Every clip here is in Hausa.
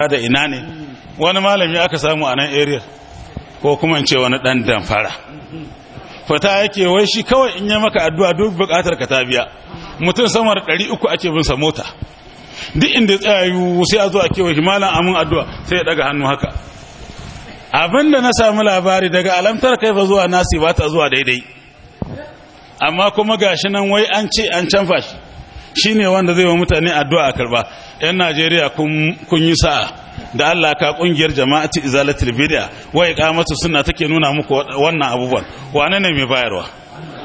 da ina ne wani malami aka samu a nan area ko kuma ce wani dan damfara fata yake wai shi kawai in yi maka addu'a duk bukatar ka ta biya mutum sama da 300 ake bin sa mota duk inda ya tsayayu sai a zo a kewa malam amin addu'a sai ya daga hannu haka abinda na samu labari daga alamtar kai ba zuwa nasi ba ta zuwa daidai amma kuma gashi nan wai an ce an canfa shi Shi ne wanda zai wa mutane addu'a a karba yan najeriya kun yi sa'a da Allah ka kungiyar jama'ati izalatul wai wa iqamatu suna take nuna muku wannan abubuwan wane ne mai bayarwa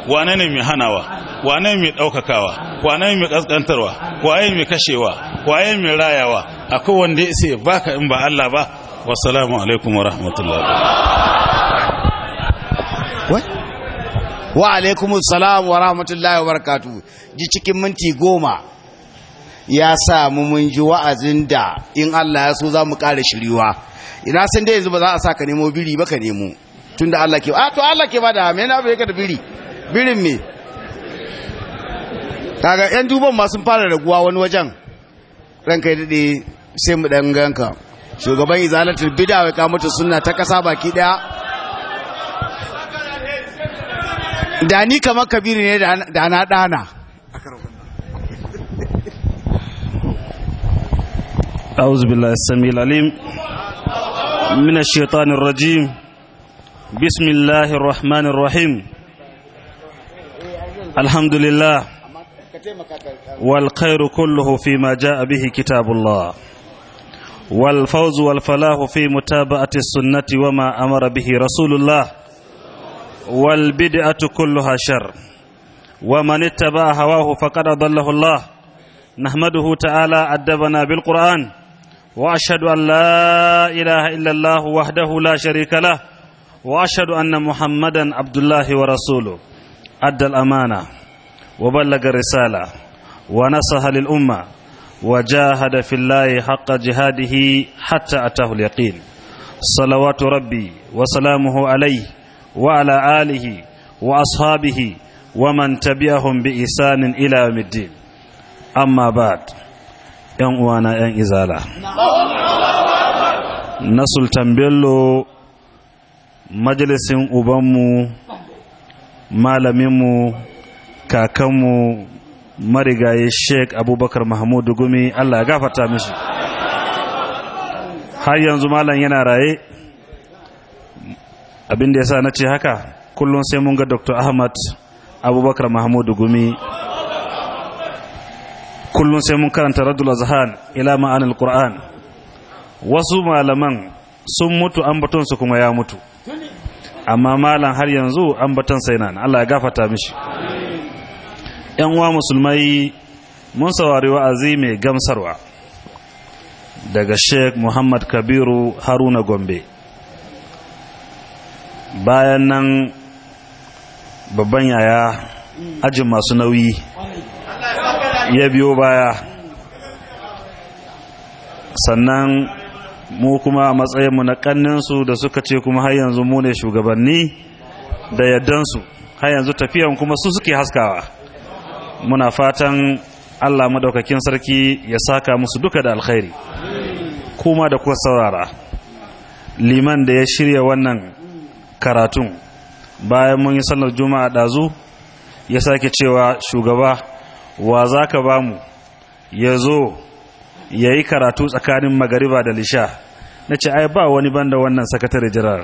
wane ne mai hanawa wane mai ɗaukakawa, wane mai kaskantarwa waye mai kashewa waye mai rayawa akwai wanda ya baka in ba Allah ba salamu alaikum wa rahmatullahi wa alaikum salam wa rahmatullahi wa barakatu ji cikin minti goma ya samu mun ji wa'azin da in Allah ya so za mu ƙara shiriwa ina san dai yanzu ba za a sa ka nemo biri ba ka nemo tun da Allah ke a ah, to Allah ke ba da me na bai ka da biri birin me kaga yan duban ma sun fara raguwa wani wajen ranka ya dade sai mu dan ganka shugaban izalatul bid'a wai ka mutu sunna ta kasa baki daya da ni kamar kabiru ne da na ɗana أعوذ بالله السميع العليم من الشيطان الرجيم بسم الله الرحمن الرحيم الحمد لله والخير كله فيما جاء به كتاب الله والفوز والفلاح في متابعة السنة وما أمر به رسول الله والبدعة كلها شر ومن اتبع هواه فقد أضله الله نحمده تعالى أدبنا بالقرآن وأشهد أن لا إله إلا الله وحده لا شريك له وأشهد أن محمدا عبد الله ورسوله أدى الأمانة وبلغ الرسالة ونصح للأمة وجاهد في الله حق جهاده حتى أتاه اليقين صلوات ربي وسلامه عليه wa آله وأصحابه ومن تبعهم بإحسان إلى يوم الدين amma بعد ‘yan uwana ‘yan izala na sultan bello majalisin ubanmu malaminmu kakanmu Marigayi sheik abubakar mahmudu gumi allah ya gafata mishi har yanzu malam yana raye abinda ya sa na ce haka kullum sai mun ga dr ahmad abubakar mahmud gumi kullum sai mun karanta radul azhan ila ma'anil qur'an wasu malaman sun mutu su kuma ya mutu amma malam har yanzu ambaton sai nan Allah ya gafata mishi yan wa musulmai mun saurari wa'azi mai gamsarwa daga Sheikh Muhammad Kabiru Haruna Gombe bayan nan babban yaya ajin masu nauyi ya biyo baya sannan mu kuma a matsayinmu na kanninsu da suka ce kuma har yanzu mu ne shugabanni da yaddansu har yanzu tafiyan kuma su suke haskawa muna fatan allah maɗaukakin sarki ya saka musu duka da alkhairi kuma da kuka saurara liman da ya shirya wannan karatun bayan mun yi sallar juma'a ɗazu ya sake cewa shugaba wa za ka ba mu ya zo ya yi karatu tsakanin magariba da lisha na ce ai ba wani banda wannan sakatare jirar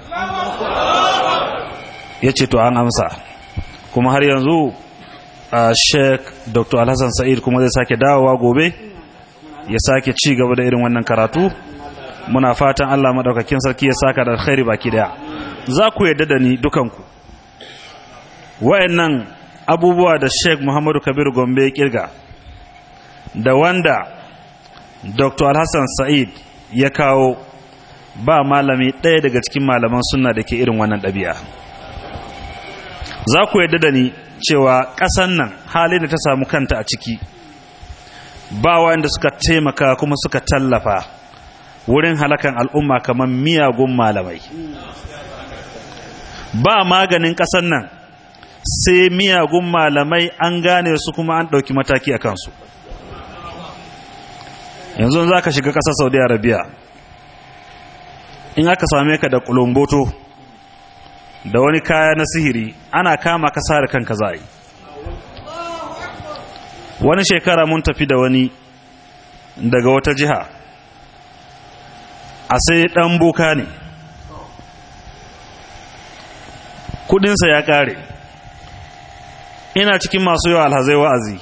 ya ce to an amsa kuma har yanzu a sheik dr alhassan sa'id kuma zai sake dawowa gobe ya sake ci gaba da irin wannan karatu muna fatan allah maɗaukakin sarki ya saka da alkhairi baki daya za ku yarda da ni dukanku wa'annan abubuwa da sheikh muhammadu kabiru gombe ya kirga da wanda dr alhassan sa'id ya kawo ba malami ɗaya daga cikin malaman suna da ke irin wannan ɗabi'a za ku yarda da ni cewa ƙasan nan halin da ta samu kanta a ciki ba wanda suka taimaka kuma suka tallafa wurin halakan al'umma kamar miyagun malamai ba maganin ƙasan nan sai miyagun malamai an gane su kuma an ɗauki mataki a kansu yanzu za ka shiga ƙasar saudi arabia in aka same ka da kulumboto da wani kaya na sihiri ana kama ka sare kanka za yi wani shekara mun tafi da wani daga wata jiha a sai ɗan boka ne kudinsa ya kare ina cikin masu yawa alhazai wa'azi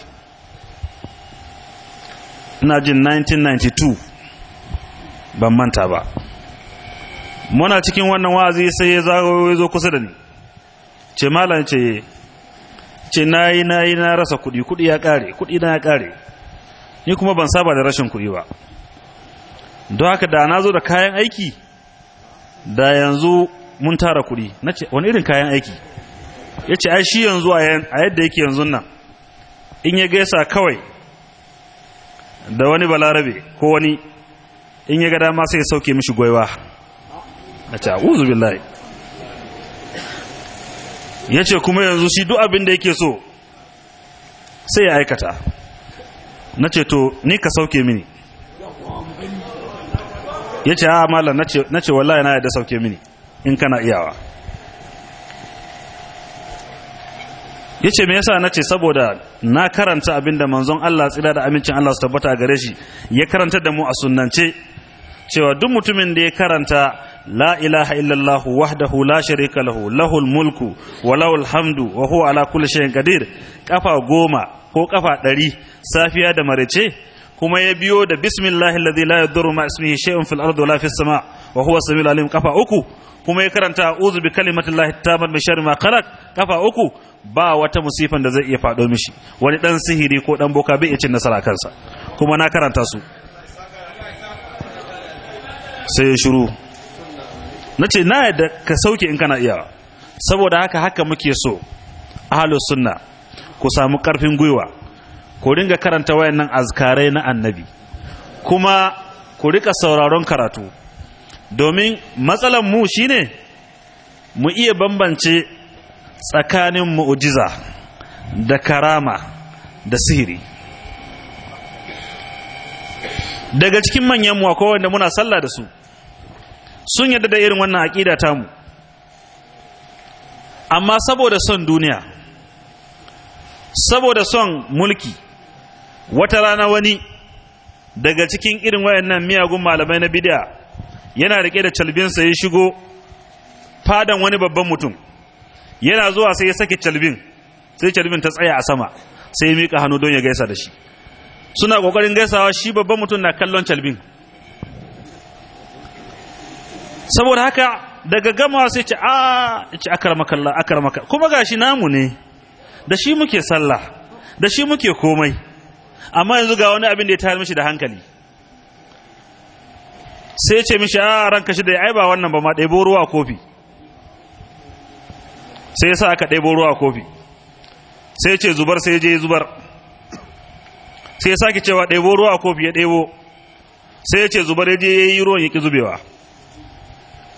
ina jin 1992 ban manta ba muna cikin wannan wa'azi sai ya zo kusa da ni ce malam ce ce na yi na yi na rasa kudi kudi ya kare kudi na ya kare ni kuma ban saba da rashin kudi ba don haka da na zo da kayan aiki da yanzu mun tara kuɗi na ce wani irin kayan aiki ya ce ai shi yanzu a yadda yake yanzu nan in ya gaisa kawai da wani balarabe ko wani in ya ga dama sai ya sauke mishi gwaiwa a ce a'udhu billahi ya ce kuma yanzu shi duk abin da yake so sai ya aikata na ce to ni ka sauke mini ya ce a amala na ce wallahi na yadda sauke mini in kana iyawa ya ce me yasa na ce saboda na karanta abinda manzon Allah tsira da amincin Allah su tabbata gare shi ya karanta da mu a sunnance cewa duk mutumin da ya karanta la ilaha illallahu wahdahu la sharika lahu lahul mulku wa lahul hamdu wa huwa ala kulli shay'in qadir kafa goma ko kafa ɗari safiya da marece kuma ya biyo da bismillahi alladhi la yadurru ma ismihi shay'un fil ardi wala fis sama' wa huwa samiul alim kafa uku kuma ya karanta a'udhu bi kalimatillahi tammat min sharri ma khalaq kafa uku ba wata musifan da zai iya fado mishi wani dan sihiri ko dan boka bai iya cin nasara kansa kuma na karanta su sai ya shiru nace na yadda ka sauke in kana iya saboda haka haka muke so ahlus sunna ku samu karfin gwiwa ku ringa karanta wayannan azkarai na annabi kuma ku rika sauraron karatu domin matsalan mu shine mu iya bambance tsakanin mu'ujiza da karama da sihiri daga cikin manyan mu akwai wanda muna sallah da su sun yadda da irin wannan aƙida tamu amma saboda son duniya saboda son mulki wata rana wani daga cikin irin wayannan miyagun malamai na bid'a yana rike da calbinsa ya shigo fadan wani babban mutum yana zuwa sai ya saki calbin sai calbin ta tsaya a sama sai ya miƙa hannu don ya gaisa da shi suna ƙoƙarin gaisawa shi babban mutum na kallon calbin saboda haka daga gama sai ce a ce akarmakalla akarmaka kuma gashi namu ne da shi muke sallah da shi muke komai amma yanzu ga wani abin da ya tayar mishi da hankali sai ce mishi a ah, ranka shi da ya ba wannan ba ma ɗebo ruwa kofi sai ya sa aka ɗebo ruwa kofi sai ce zubar sai je zubar sai ya sake cewa ɗebo ruwa kofi ya ɗebo sai ya ce zubar ya je ya yi ruwan ya ƙi zubewa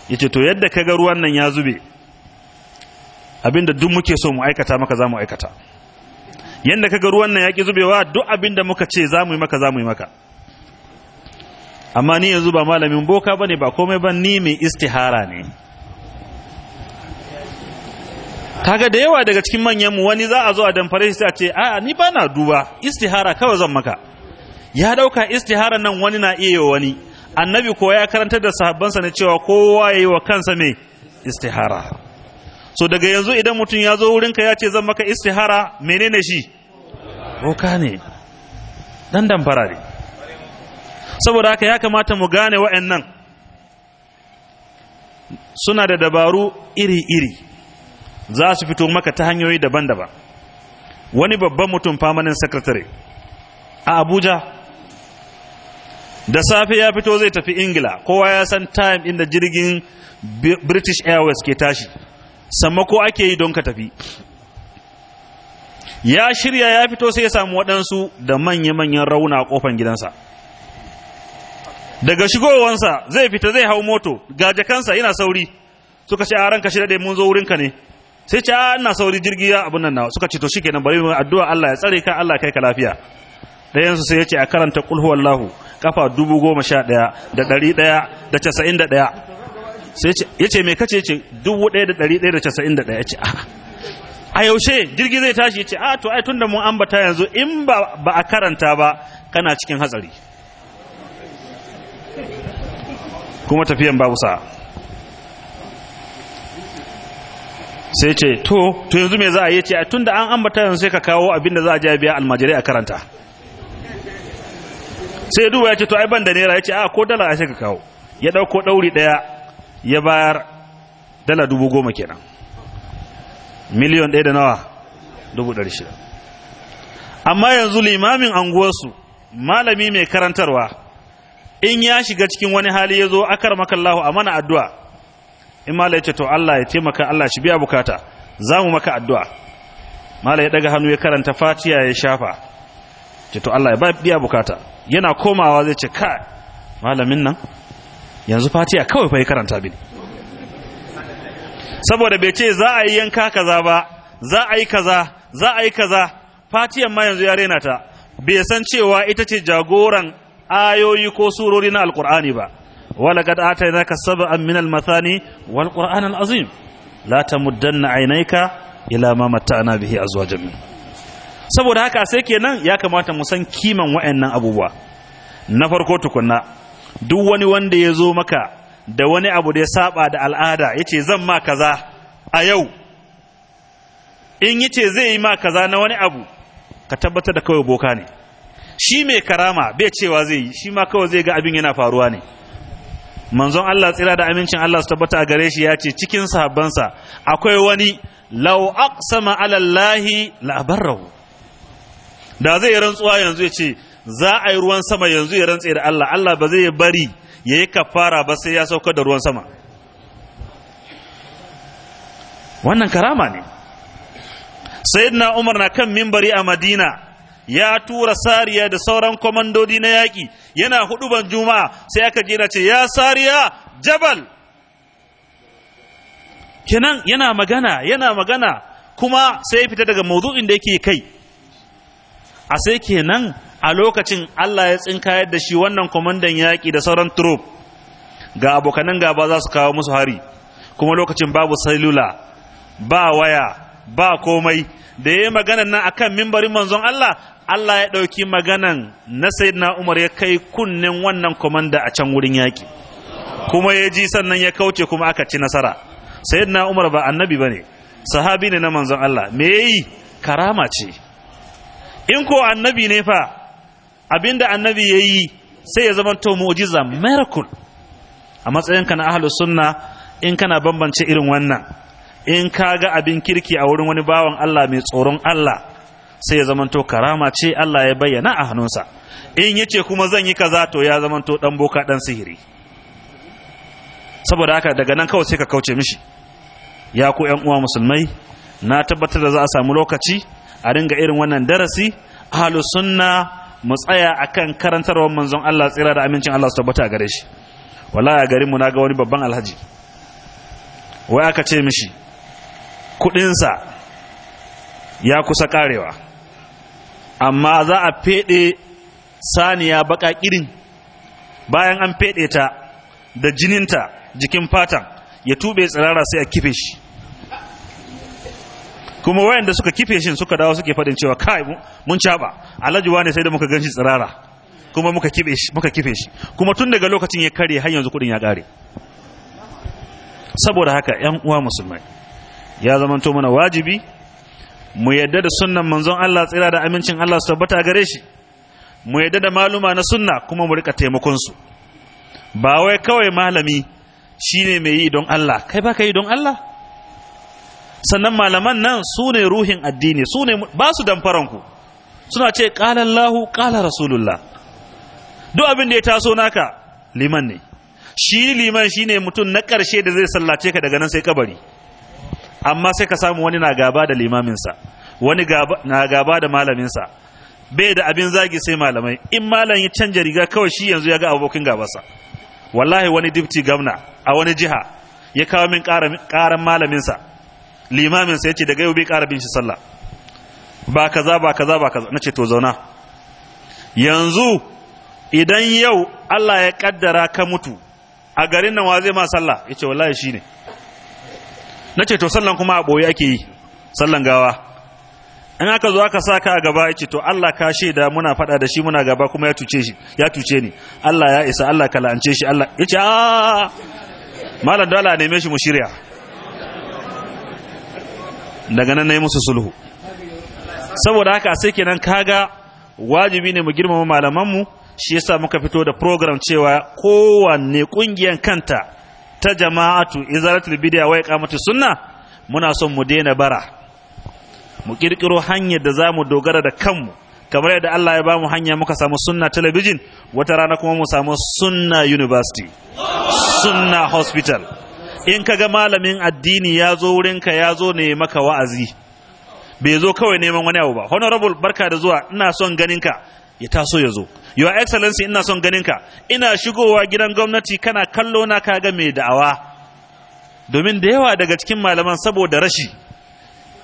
ya ce to yadda ka ga ruwan nan ya zube abinda duk muke so mu aikata maka za mu aikata yanda kaga ruwan nan yaki zubewa duk abin da muka ce za mu yi maka za mu yi maka amma ni yanzu ba malamin boka bane ba komai ba ni mai istihara ne kaga da yawa daga cikin manyan mu wani za a zo a damfare shi a ce a ni ba na duba istihara kawai zan maka ya dauka istihara nan wani na iya wani annabi ko ya karantar da sahabbansa na cewa kowa ya yi wa kansa mai istihara so daga yanzu idan mutum ya zo wurinka ya ce zan maka istihara menene shi roka ne ɗan damfara ne saboda haka ya kamata mu gane wa'annan suna da dabaru iri-iri za su fito maka ta hanyoyi daban-daban wani babban mutum famanin sakatare a abuja da safe ya fito zai tafi ingila kowa ya san time inda jirgin british airways ke tashi ko ake yi don ka tafi ya shirya ya fito sai ya samu waɗansu da manya-manyan rauna a ƙofan gidansa daga shigowansa zai fita zai hau moto ga jakansa yana sauri suka ce a ranka shirya da mun zo wurinka ne sai ce a ina sauri jirgi ya abin nan nawa suka ce to shikenan bari mu addu'a Allah ya tsare ka Allah kai ka lafiya su sai ya ce a karanta kulhu Wallahu kafa dubu goma sha ɗaya da ɗari ɗaya da casa'in da ɗaya sai ya ce mai kace ce dubu ɗaya da ɗari ɗaya da casa'in da ɗaya ce ah, a yaushe jirgi zai tashi ce a ah, to ai tun da mun ambata yanzu in ba a karanta ba kana cikin hatsari kuma tafiyan babu sa sai ce to to yanzu me za a yi ce a tun da an ambata yanzu sai ka kawo abin da za a je biya almajirai a karanta sai duba ya ce to ai ban da naira ya ce a ah, ko dala sai ka kawo ya ɗauko ɗauri ɗaya ya bayar dala dubu goma kenan miliyon ɗaya da nawa dubu ɗari shida amma yanzu limamin anguwarsu malami mai karantarwa in ya shiga cikin wani hali ya zo akar makallahu a mana addu'a in mala ya ce to Allah ya taimaka Allah shi biya bukata za mu maka addu'a mala ya daga hannu ya karanta fatiya ya shafa ce to Allah ya biya bukata yana komawa zai ce ka malamin nan yanzu fatiha kawai fa karanta bi saboda bai ce za a yi yanka kaza ba za a yi kaza za a yi kaza fatiyan ma yanzu ya rena ta bai san cewa ita ce jagoran ayoyi ko surori na alkur'ani ba wala kad atainaka sab'an min al-mathani wal qur'an al'azim? la tamuddanna aynayka ila ma matta'na bihi azwajan min saboda haka sai kenan ya kamata mu san kiman wa'annan abubuwa na farko tukunna duk wani wanda ya zo maka da wani abu da ya saba da al'ada ya ce zan ma kaza a yau in yi ce zai yi ma kaza na wani abu ka tabbatar da kawai boka ne shi mai karama bai cewa zai yi shi ma kawai zai ga abin yana faruwa ne manzon Allah tsira da amincin Allah su tabbata a gare shi ya ce cikin sahabbansa akwai wani lau aqsama ala Allah la da zai rantsuwa yanzu ya ce za a yi ruwan sama yanzu ya rantse da Allah Allah ba zai bari ya yi kafara ba sai ya saukar da ruwan sama wannan karama ne sayyidina umar na kan mimbari a madina ya tura sariya da sauran kwamandodi na yaki yana hudu ban juma'a sai aka gina ce ya sariya jabal kenan yana magana yana magana kuma sai ya fita daga maudu'in da yake kai a sai kenan a lokacin Allah ya tsinkayar da shi wannan kwamandan yaƙi da sauran turop ga abokanan gaba za su kawo musu hari kuma lokacin babu salula ba waya ba komai da ya yi maganan nan akan mimbarin manzon Allah Allah ya ɗauki maganan na na Umar ya kai kunnen wannan komanda a can wurin yaƙi kuma ya ji sannan ya kauce kuma aka ci nasara na Umar ba annabi ba ne sahabi ne na manzon Allah me yi karama ce in ko annabi ne fa abinda annabi ya yi sai ya zama to mu'jiza miracle a matsayinka na ahlus sunna in kana bambance irin wannan in ka ga abin kirki a wurin wani bawan Allah mai tsoron Allah sai ya zamanto karama ce Allah ya bayyana a hannunsa in ya ce kuma zan yi kaza to ya zamanto dan boka dan sihiri saboda haka daga nan kawai sai ka kauce mishi ya ku ƴan uwa musulmai na tabbatar da za a samu lokaci a ringa irin wannan darasi ahlus sunna mu tsaya akan karantarwar manzon Allah tsira da amincin Allah su tabbata gare shi wallahi a garin mu na ga wani babban alhaji wai aka ce mishi sa ya kusa karewa amma za a fede saniya baka kirin bayan an fede ta da jininta jikin fatan ya tube tsirara sai a kife shi kuma wayanda suka kife shi suka dawo suke faɗin cewa kai mun caba alhaji ne sai da muka ganshi tsirara kuma muka kife shi muka kife shi kuma tun daga lokacin ya kare har yanzu kudin ya kare saboda haka ƴan uwa musulmai ya zamanto mana wajibi mu yadda da sunnan manzon Allah tsira da amincin Allah su tabbata gare shi mu yadda da maluma na sunna kuma mu rika taimakon su ba wai kawai malami shine mai yi don Allah kai ba ka yi don Allah sannan malaman nan su ne ruhin addini su ne ba su damfaranku suna ce ƙalallahu ƙala rasulullah duk abin da ya taso naka liman ne shi liman shi ne mutum na ƙarshe da zai sallace ka daga nan sai kabari amma sai ka samu wani na gaba da limaminsa wani na gaba da malaminsa bai da abin zagi sai malamai in malam ya canja riga kawai shi yanzu ya ga abokin gabasa wallahi wani dipti gamna a wani jiha ya kawo min ƙaran malaminsa limamin sai ya ce daga yau bai ƙara bin shi sallah ba kaza ba kaza ba kaza na ce to zauna yanzu idan yau Allah ya kaddara ka mutu a garin nan wa zai ma sallah ya ce wallahi shi ne na ce to sallan kuma a ɓoye ake yi sallan gawa in aka zo aka sa ka a gaba ya ce to Allah ka shaida muna faɗa da shi muna gaba kuma ya tuce shi ya tuce ni Allah ya isa Allah ka la'ance shi Allah ya ce a malam dole a neme shi mu shirya daga nan na yi musu sulhu saboda haka sai kenan kaga wajibi ne mu girmama malamanmu shi yasa muka fito da program cewa kowanne kungiyan kanta ta jama'atu izaratul bidiya wa iqamatu sunna muna son mu daina bara mu kirkiro hanyar da zamu dogara da kanmu kamar yadda Allah ya bamu hanya muka samu sunna television wata rana kuma mu samu sunna university sunna hospital in ka ga malamin addini ya zo wurinka ya zo ne maka wa'azi bai zo kawai neman wani abu ba honorable barka da zuwa ina son ganinka ya taso ya zo your excellency ina son ganinka ina shigowa gidan gwamnati kana kallo na kaga mai da'awa domin da yawa daga cikin malaman saboda rashi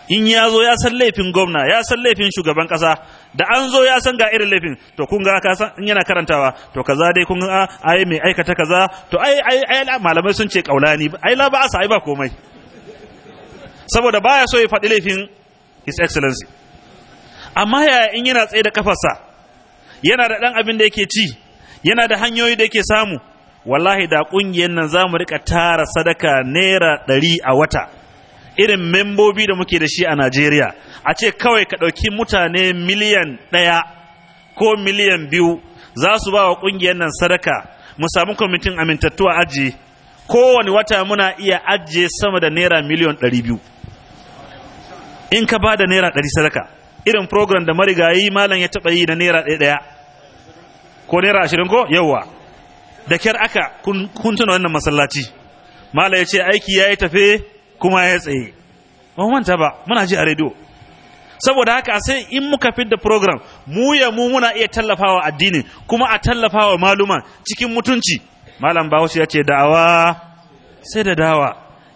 in ya zo ya san laifin gwamna ya san laifin shugaban kasa da an zo ya san ga irin laifin to kun ga ka san in yana karantawa to kaza dai kun ga ah, ai mai aikata kaza to ai ai ai malamai sun ce kaulani ai la ba sa, ai ba komai saboda baya so ya faɗi laifin his excellency amma ya in yana tsaye da kafarsa yana da ɗan abin da yake ci yana da hanyoyi da yake samu wallahi da ƙungiyar nan za mu rika tara sadaka naira ɗari a wata irin membobi da muke da shi a najeriya a ce kawai ka ɗauki mutane miliyan ɗaya ko miliyan biyu za su ba wa ƙungiyar nan sadaka mu samu kwamitin amintattu a ajiye kowane wata muna iya ajiye sama da naira miliyan ɗari biyu in ka ba da naira ɗari sadaka irin program da marigayi malam ya taɓa yi na naira ɗaya ko naira ashirin ko yawwa da kyar aka kun tuna wannan masallaci malam ya ce aiki ya yi tafe kuma ya tsaye ba manta ba muna ji a rediyo saboda haka sai in muka fidda program mu ya mu muna iya tallafawa addini kuma a tallafawa maluma cikin mutunci malam bahaushe ya ce da'awa sai da dawa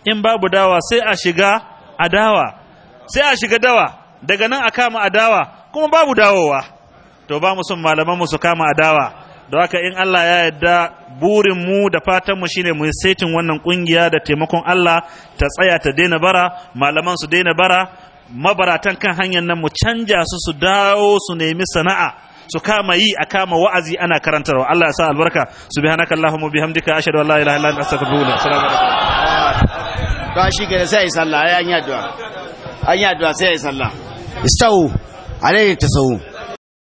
in babu dawa sai a shiga a dawa sai a shiga dawa daga nan a kama a dawa kuma babu dawowa to ba mu son malaman mu su kama dawa. Da haka in Allah ya yarda burin mu da fatan mu shine mu saitin wannan kungiya da taimakon Allah ta tsaya ta daina bara malaman su daina bara mabaratan kan hanyar nan mu canja su su dawo su nemi sana'a su kama yi a kama wa'azi ana karantarwa Allah ya sa albarka subhanaka allahumma bihamdika ashhadu an la ilaha illa anta astaghfiruka wa atubu ilaik ba shi ke sai sallah ai an yi addu'a an yi addu'a sai sallah istau alayhi tasawu